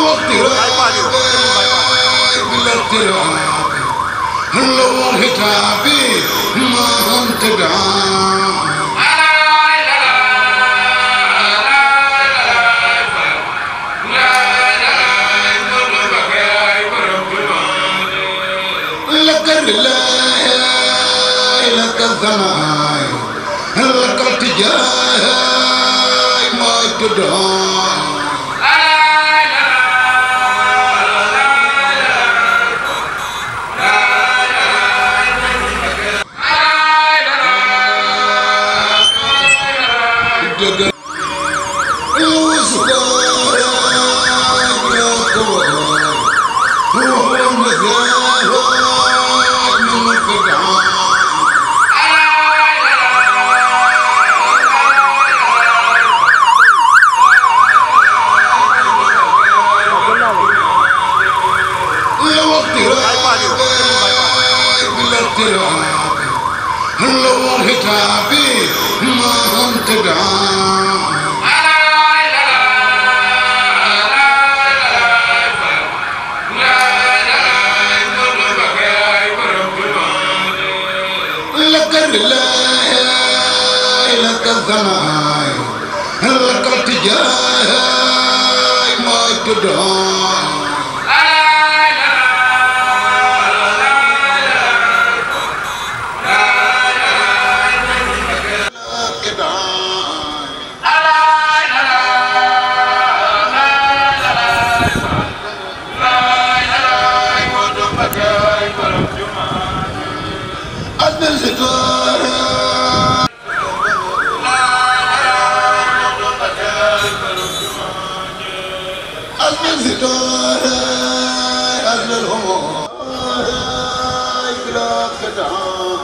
واغترابي بالاغتراب لو هتابي ما هم تدعى لك الثناء لك التجاه ما تدعى لو اقتراب لو هتابي ما هم تدعى waaw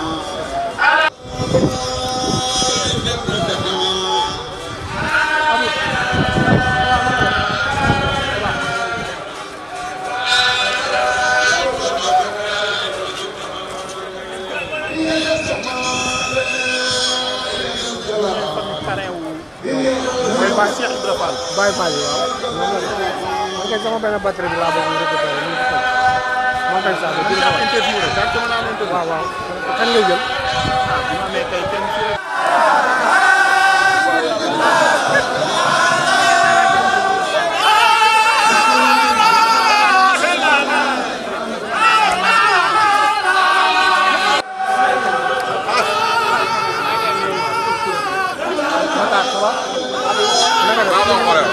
Baye Fall waaw man kay sama benn batterie bi laa bëgg Montagne Sadio bi nga xam waaw waaw kan ngay jël. Vamos,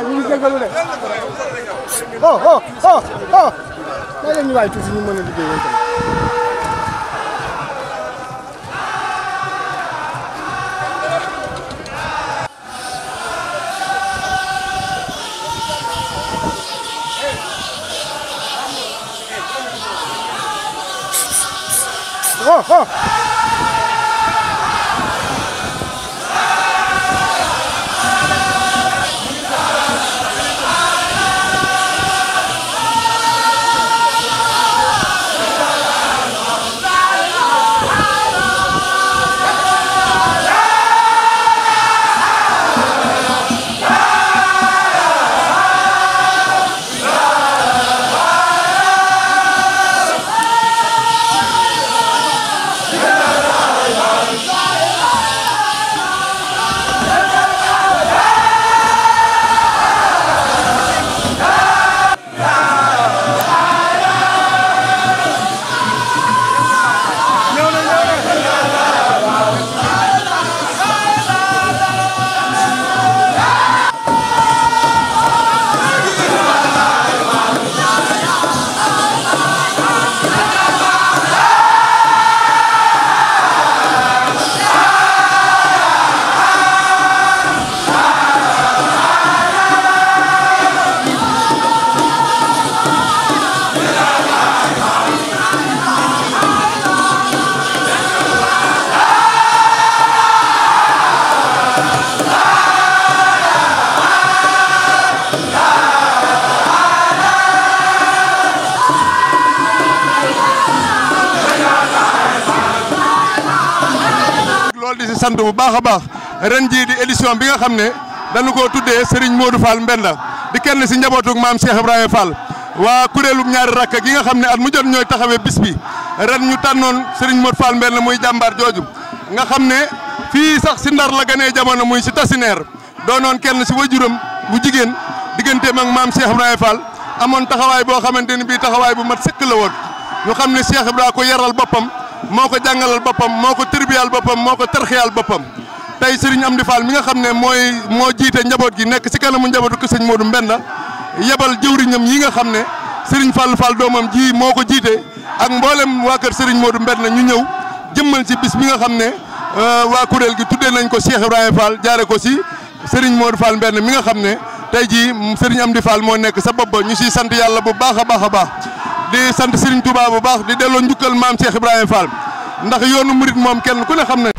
waay ñu ngi jégalu de oh oh oh oh may leen ñu waay tuuti ñu mën a sant bu baax a baax ren jii di édition bi nga xam ne dañu koo tuddee Serigne Modou Fall Mbenda di kenn si njabootug maam Cheikh Ibrahima Fall waa kuréelub ñaari rakk gi nga xam ne at mu jot ñooy taxawee bis bi ren ñu tànnoon Serigne Modou Fall Mbenda muy jàmbaar jooju nga xam ne fii sax si ndar la ganee jamono muy si tasineer doonoon kenn si wajuram bu jigéen digganteem ak maam Cheikh Ibrahima Fall amoon taxawaay boo xamante ni bii taxawaay bu mat sëkk la woon ñu xam ne Cheikh Ibrahima ko yaral boppam. moo ko jàngalal boppam moo ko tribiyal boppam moo ko tarxiyal boppam tey Serigne di Fall mi nga xam ne mooy moo jiite njaboot gi nekk si kanamu njabootu ko sëñ Modou Mbenda yebal jëwriñam yi nga xam ne Serigne Fall Fall doomam ji moo ko jiite ak mboolem waa kër Serigne Modou Mbenda ñu ñëw jëmmal si bis bi nga xam ne euh, waa kuréel gi tuddee nañ ko Cheikh Ibrahima Fall jaare ko si moo Modou Fall mbenn mi nga xam ne tey jii am di Fall moo nekk sa bopp ñu siy sant yàlla bu baax a baax a baax. di sant siriñ Touba bu baax di delloo njukkal maam Cheikh Ibrahima Fall ndax yoonu murit moom kenn ku ne xam ne